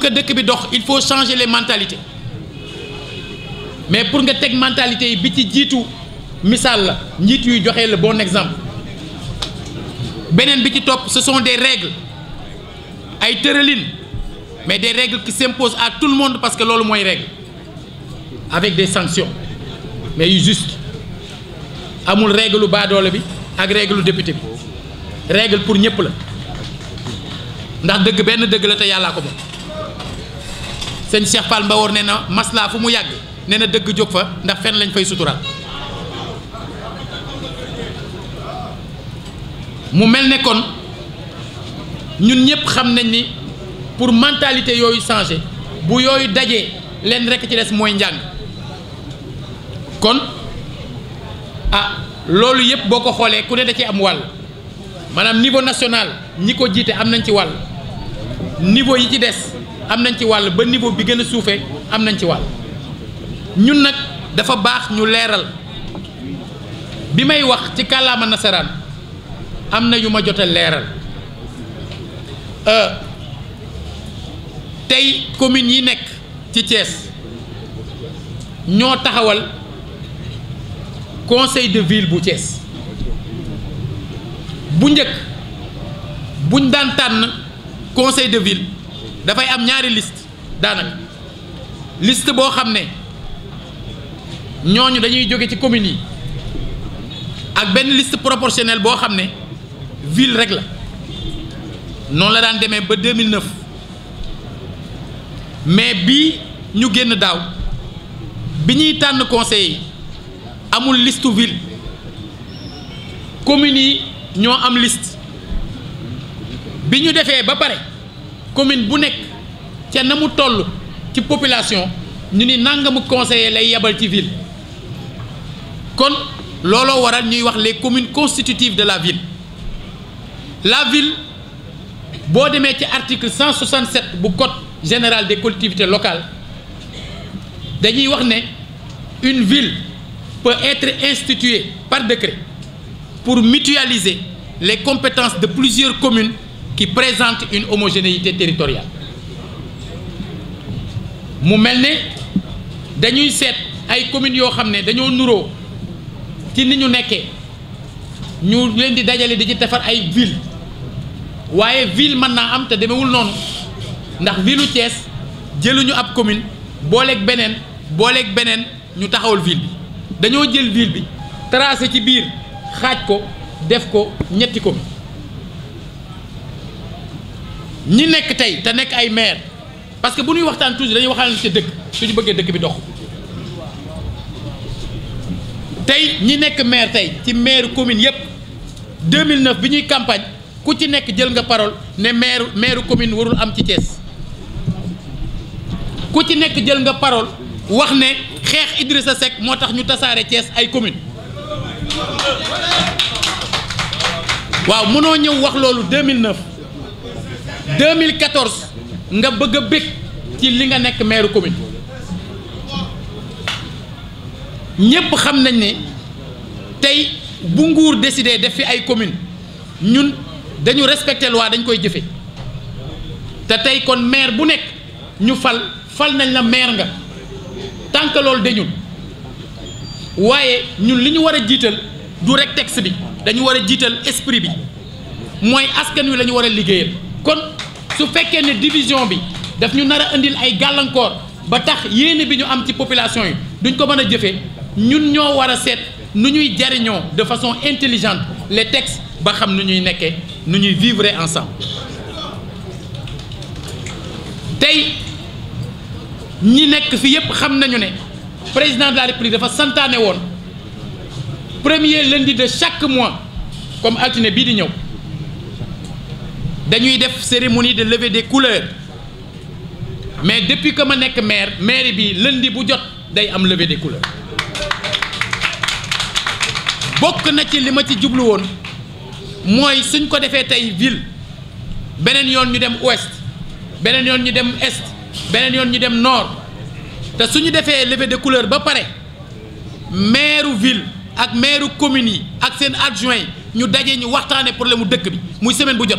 que dëkk bi dox il faut changer les mentalités mais pour nga teg mentalité yi bi ci jiitu misaal la njiit yuy joxe le bon exemple beneen bi ci topp seson sont des règles ay tëralin mais des règles qui s'imposent à tout le monde parce que loolu mooy règle avec des sanctions mais yu juste amul règle lu baadoole bi ak règle lu député bi règle pour ñëpp la ndax dëgg benn dëgg la te yàllaa ko moom sëñ Cheikh Fall Mbawoor nee na maslaa fu mu yàgg nee na dëgg jóg fa ndax fenn lañ fay sutural mu mel ne kon ñun ñëpp xam nañ ni pour mentalité yooyu changé bu yooyu dajee leen rekk ci des mooy njàng kon ah loolu yëpp boo ko xoolee ku ne da ci am wàll maanaam niveau national ñi ko jiite am nañ ci wàll niveau yi ci des am nañ ci wàll ba niveau bi gën a suufee am nañ ci wàll ñun nag dafa baax ñu leeral bi may wax ci kàllaama nasaraan am na yu ma jot leeral euh, tey communes yi nekk ci Thiès ñoo taxawal conseil de ville bu Thiès bu njëkk buñ daan tànn conseil de ville. dafay am ñaari liste daanaka liste boo xam ne ñooñu dañuy jóge ci communes yi ak benn liste proportionnelle boo xam ne ville rek la noonu la daan demee ba 2009 mais bii ñu génn daaw bi ñuy tànn conseil amul liste ville communes yi ñoo am liste bi ñu defee ba pare. commune bu nekk ca na mu toll ci population ñu ni nangamu conseiller lay yebal ci ville kon looloo waral ñuy wax les communes constitutives de la ville la ville boo demee ci article 167 bu code général des collectivités locales dañuy wax ne une ville peut être instituée par décret pour mutualiser les compétences de plusieurs communes qui présente une homogénéité territoriale mu mel ne dañuy seet ay communes yoo xam ne dañoo nuroo ci ni ñu nekkee ñu leen di dajale di ci defar ay ville waaye ville mën naa am te demewul noonu ndax ville u Thiès jëluñu ab commune booleeg beneen booleeg beneen ñu taxawul ville dañoo jël ville bi tracé ci biir xaaj ko def ko ñetti commune ñi nekk tey te nekk ay maire parce que bu ñuy waxtaan toujours dañuy waxtaan ci dëkk suñu bëggee dëkk bi dox tey ñi nekk maire tey ci maire commune yëpp 2009 bi ñuy campagne ku ci nekk jël nga parole ne maire maire commune warul am ci Thiès ku ci nekk jël nga parole wax ne xeex Idrissa Seck moo tax ñu tasaare Thiès ay commune waaw mënoo ñëw wax loolu 2009. 2014 nga bëgg a bég ci li nga nekk maire commune ñépp xam nañ ne tey bu nguur décidé def fi ay commune ñun dañu respecté loi dañ koy jëfe te tey kon maire bu nekk ñu fal fal nañ la maire nga tant que loolu dañul waaye ñun li ñu war a jiital du rek texte bi dañu war a jiital esprit bi mooy askan wi lañu ñu war a liggéeyal kon su fekkee ne division bi daf ñu nar a indil ay gàllankoor ba tax yéene bi ñu am ci population yi duñ ko mën a jëfee ñun ñoo war a seet nu ñuy jariñoo de façon intelligente les textes ba xam nu ñuy nekkee nu ñuy vivre ensemble tey ñi nekk fii yépp xam nañu ne président de la république dafa santaane woon premier lundi de chaque mois comme altine bii di ñëw dañuy def cérémonie de levée des couleurs mais depuis que ma nekk maire mairie bi lundi bu jot day am levée des couleurs bokk na ci li ma ci jublu woon mooy suñ ko defee tey ville beneen yoon ñu dem ouest beneen yoon ñu dem est beneen yoon ñu dem noor te suñu defee levée des couleurs ba pare maire ville ak maire commune yi ak seen adjoint yi ñu dajee ñu waxtaanee problème mu dëkk bi muy semaine bu jot.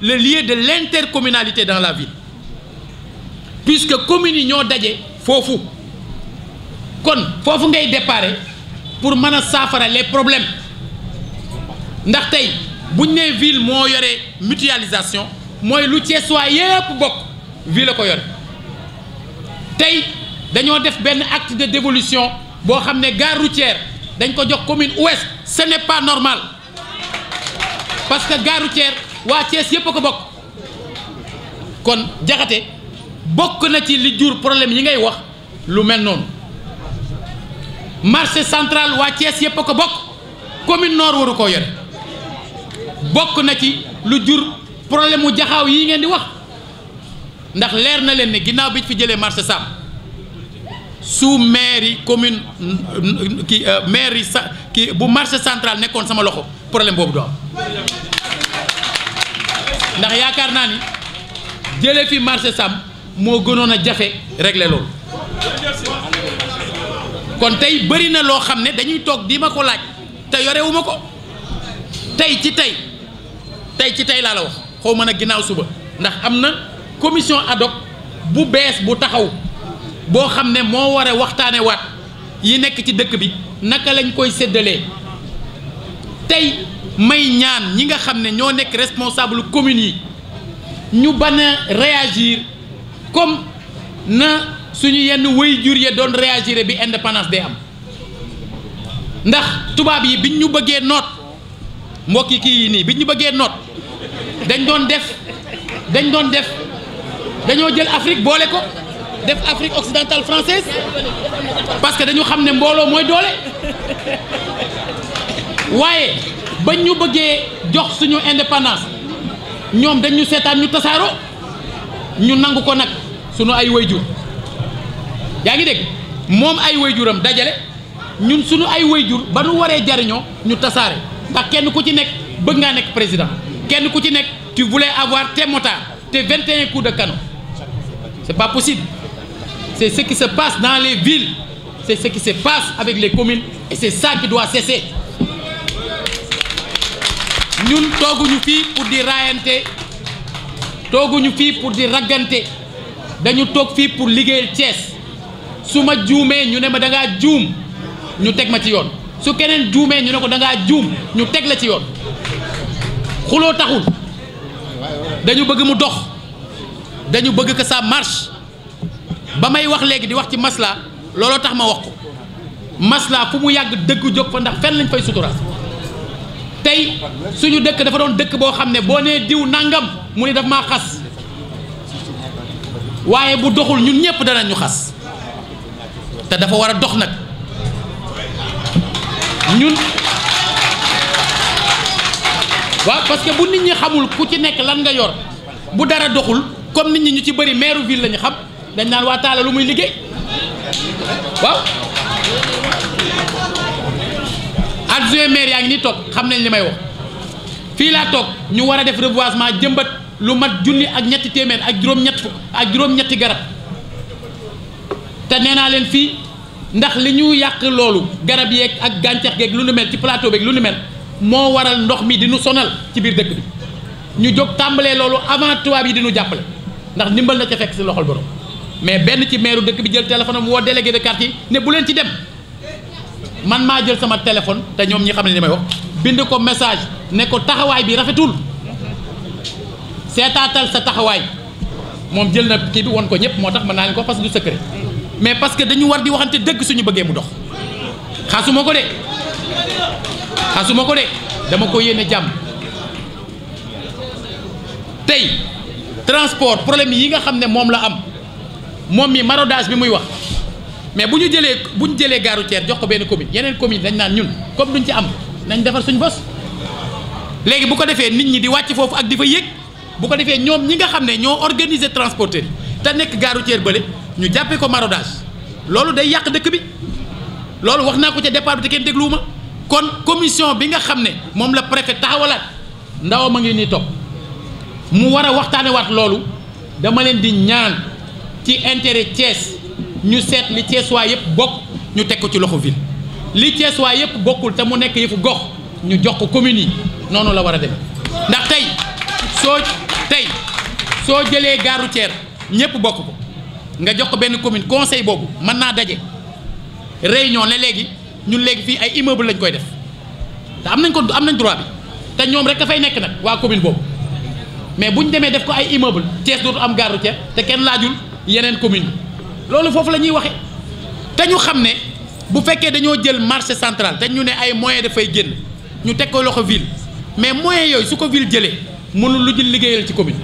le lieu de l'intercommunalité dans la ville puisque communes yi ñoo daje foofu kon foofu ngay déparé pour mën a saafara les problèmes ndax tey buñ ne ville moo yore mutualisation mooy lu Ceesuwaa yépp bokk ville la ko yore tey dañoo def benn acte de dévolution boo xam ne gare routière dañ ko jox commune ouest ce n'est pas normal parce que gare routière waa Thiès yëpp a ko bokk kon jaxate bokk na ci li jur problème yi ngay wax lu mel noonu marché centrale waa Thiès yëpp a ko bokk commune noor waru koo yore bokk na ci lu jur problème mu jaxaaw yi ngeen di wax ndax leer na leen ne ginnaaw bi fi jëlee marché sam su maire commune ki euh, maire yi sa ki bu marché central nekkoon sama loxo problème boobu do ndax yaakaar naa ni jële fi marché Sam moo gënoon a jafe régler loolu kon tey bëri na loo xam ne dañuy toog di ma ko laaj te yorewuma ko tey ci tey tey ci tey laa la wax xaw ma nag ginnaaw suba ndax am na commission ad bu bees bu taxaw boo xam ne moo war a waxtaane waat yi nekk ci dëkk bi naka lañ koy séddalee tey may ñaan ñi nga xam ne ñoo nekk responsable communes yi ñu ban a réagir comme na suñu yenn way jur ya doon réagir bi indépendance day am ndax tubaab yi biñ ñu bëggee noot mbokki kii yi nii bi ñu bëggee noot dañ doon def dañ doon def dañoo jël Afrique boole ko def Afrique occidentale française parce que dañu xam ne mbooloo mooy doole waaye ba ñu bëggee jox suñu indépendance ñoom dañu seetaan ñu tasaaroo ñu nangu ko nag suñu ay wayjur yaa ngi dégg moom ay wayjuram dajale ñun suñu ay wayjur ba nu waree jariñoo ñu tasaare ndax kenn ku ci nekk bëgg ngaa nekk président kenn ku ci nekk tu voulais avoir tes motards tes 21 coups de canon c'est pas possible c'est ce qui se passe dans les villes c'est ce qui se passe avec les communes et c'est doit cesser ñun tooguñu fii pour di raayante tooguñu fii pour di raggante dañu toog fii pour liggéeyal Thiès su ma juumee ñu ne ma dangaa juum ñu teg ma ci yoon su keneen juumee ñu ne ko dangaa juum ñu teg la ci yoon xuloo taxul dañu bëgg mu dox dañu bëgg ko ça marche ba may wax léegi di wax ci masla looloo tax ma wax ko masla fu mu yàgg dëggu jóg fa ndax fenn lañ fay sutura tey suñu dëkk dafa doon dëkk boo xam ne boo nee diw nàngam mu ne daf maa xas waaye bu doxul ñun ñëpp danañ ñu xas te dafa war a dox nag ñun waaw parce que bu nit ñi xamul ku ci nekk lan nga yor bu dara doxul comme nit ñi ñu ci bari maire ville lañu xam dañ naan waa Talla lu muy liggéey waaw adjoint maire yaa toog xam nañ li may fii laa toog ñu war a def reboisement jëmbat lu mat junni ak ñetti téeméer ak juróom-ñett ak juróom-ñetti garab te nee naa leen fii ndax li ñu yàq loolu garab yeeg ak gàncax geeg lu nu mel ci plateau beeg lu nu moo waral ndox mi di sonal ci biir dëkk bi ñu jóg tàmbalee loolu avant tubaab yi di nu jàppale ndax ndimbal na ca fekk si loxol borom mais benn ci meeru dëkk bi jël téléphone am woo délégué de quartier ne bu leen ci dem. man maa jël sama téléphone te ñoom ñi xam ne li may wax bind ko message ne ko taxawaay bi rafetul seetaatal sa taxawaay moom jël na kii bi won ko ñëpp moo tax ma naa leen ko parce que du secret mais parce que dañu war di waxante dëgg suñu bëggee mu dox xasuma ko de xasuma ko de dama ko yéene jàmm tey transport problème yi nga xam ne moom la am moom mi maraudage bi muy wax mais bu ñu jëlee bu ñu jëlee gare routière jox ko benn commune yeneen commune dañ naan ñun comme duñ ci am nañ defar suñ bos léegi bu ko defee nit ñi di wàcc foofu ak di fa yéeg bu ko defee ñoom ñi nga xam ne ñoo organiser transporteur te nekk gare routière bële ñu jàppee ko maraudage loolu day yàq dëkk bi loolu wax naa ko ca départ bi te kenn dégluwuma kon commission bi nga xam ne moom la préfet taxawalaat ndawam a ngi nii toog mu war a waxtaane waat loolu dama leen di ñaan ci intérêt Thiès ñu seet li Thiès waa yëpp bokk ñu teg ko ci loxo ville li Thiès waa yëpp bokkul te mu nekk yëfu gox ñu jox ko commune yi noonu la war a demee ndax tey soo tey soo jëlee gare routière ñëpp bokk ko nga jox ko benn commune conseil boobu mën naa daje réunion ne léegi ñun léegi fii ay immeuble lañ koy def te am nañ ko am nañ droit bi te ñoom rek dafay nekk nag waa commune boobu mais bu ñu demee def ko ay immeuble Thiès dootu am gare routière te kenn laajul yeneen commune loolu foofu la ñuy waxee te ñu xam ne bu fekkee dañoo jël marché central te ñu ne ay moyens dafay génn ñu teg ko loxo ville mais moyens yooyu su ko ville jëlee mënul lu jël liggéeyal ci commune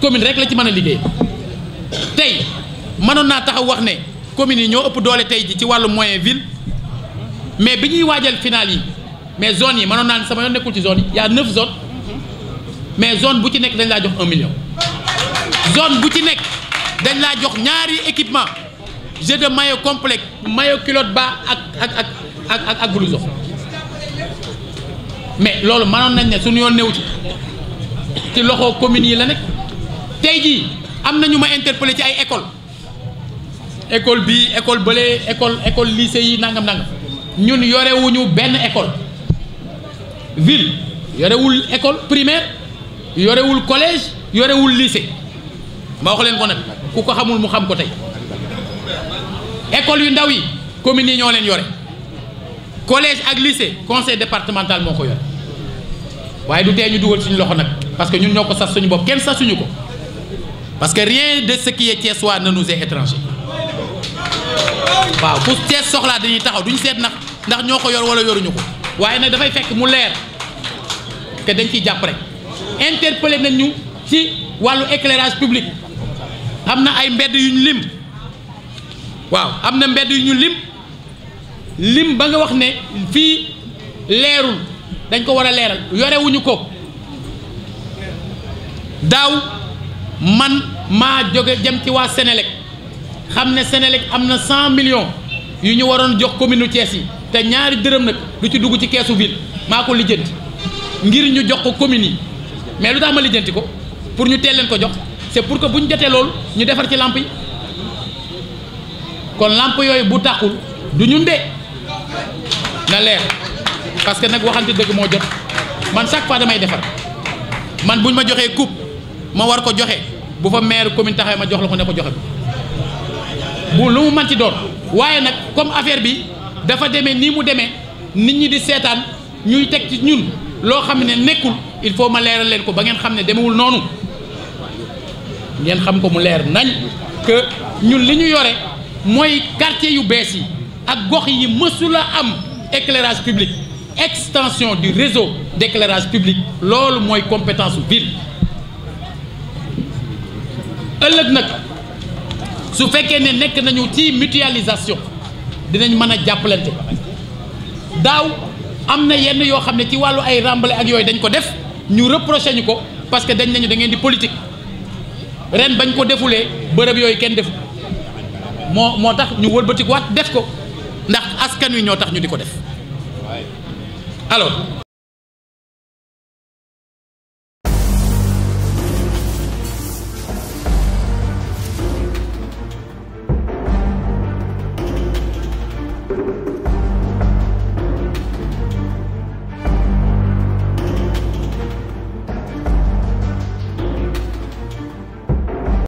commune rek la ci mën a liggéey tey mënoon naa taxaw wax ne communes yi ñoo ëpp doole tey ji ci wàllu moyen ville mais bi ñuy waajal final yi mais zones yi mënoon naa ne sama yoon nekkul ci zone yi y a mais zone bu ci nekk dañ laa jox un million zone bu ci nekk. dañ laa jox ñaari équipement jeu de maillot complet maillot culotte bas ak ak ak ak ak ak blouson mais loolu mënoon nañ ne suñu yoon néew ci ci loxo communes yi la nekk tey jii am na ñu ma interpellé ci ay école école bi école bële école école lycée yi nangam nangam ñun yorewuñu benn école ville yorewul école primaire yorewul collège yorewul lycée ma wax leen ko nag ku ko xamul mu xam ko tey école yu ndaw yi communes yi ñoo leen yore collège ak lycée conseil départemental moo ko yore waaye du tee ñu dugal suñu loxo nag parce que ñun ñoo ko sas suñu bopp kenn sasuñu ko parce que rien de ce qui est thiessois ne nous est étranger waaw ku Thiès soxlaa dañuy taxaw duñ seet nag ndax ñoo ko yor wala yoruñu ko waaye nag dafay fekk mu leer que dañ ciy jàpp rek interpellé nañ ñu ci wàllu éclairage public. am na ay mbedd yu ñu lim waaw am na mbedd yu ñu lim lim ba nga wax ne fii leerul dañ ko war a leeral yorewuñu ko daaw man maa jóge jëm ci waa Sénélec xam ne Sénélec am na cent millions yu ñu waroon jox commune cees yi te ñaari dërëm nag lu ci dugg ci keesu ville maa ko lijjanti ngir ñu jox ko commune yi mais lu tax ma lijjanti ko pour ñu teel leen ko jox c'est pour que bu ñu jotee loolu ñu defar ci làmp yi kon làmp yooyu bu tàkkul du ñun de na leer parce que nag waxante dëgg moo jot man chaque fois damay defar man bu ñu ma joxee coupe ma war ko joxe bu fa maire commune taxawee ma jox la ko ne ko joxe bi bu lu mu mën ci doon waaye nag comme affaire bi dafa demee nii mu demee nit ñi di seetaan ñuy teg ci ñun loo xam ne nekkul il faut ma leeral leen ko ba ngeen xam ne demewul noonu ngeen xam ko mu leer nañ que ñun li ñu yore mooy quartier yu bees yi ak gox yi mësula am éclairage public extension du réseau d'éclairage public loolu mooy compétence ville ëllëg nag su fekkee ne nekk nañu ci mutualisation dinañ mën a jàppalante daaw am na yenn yoo xam ne ci wàllu ay remblai ak yooyu dañ ko def ñu reproché ñu ko parce que dañ nañu da ngeen di politique ren bañ ko defulee bërëb yooyu kenn defu moo moo tax ñu wëlbatikuwaat def ko ndax askan wi ñoo tax ñu di ko def alors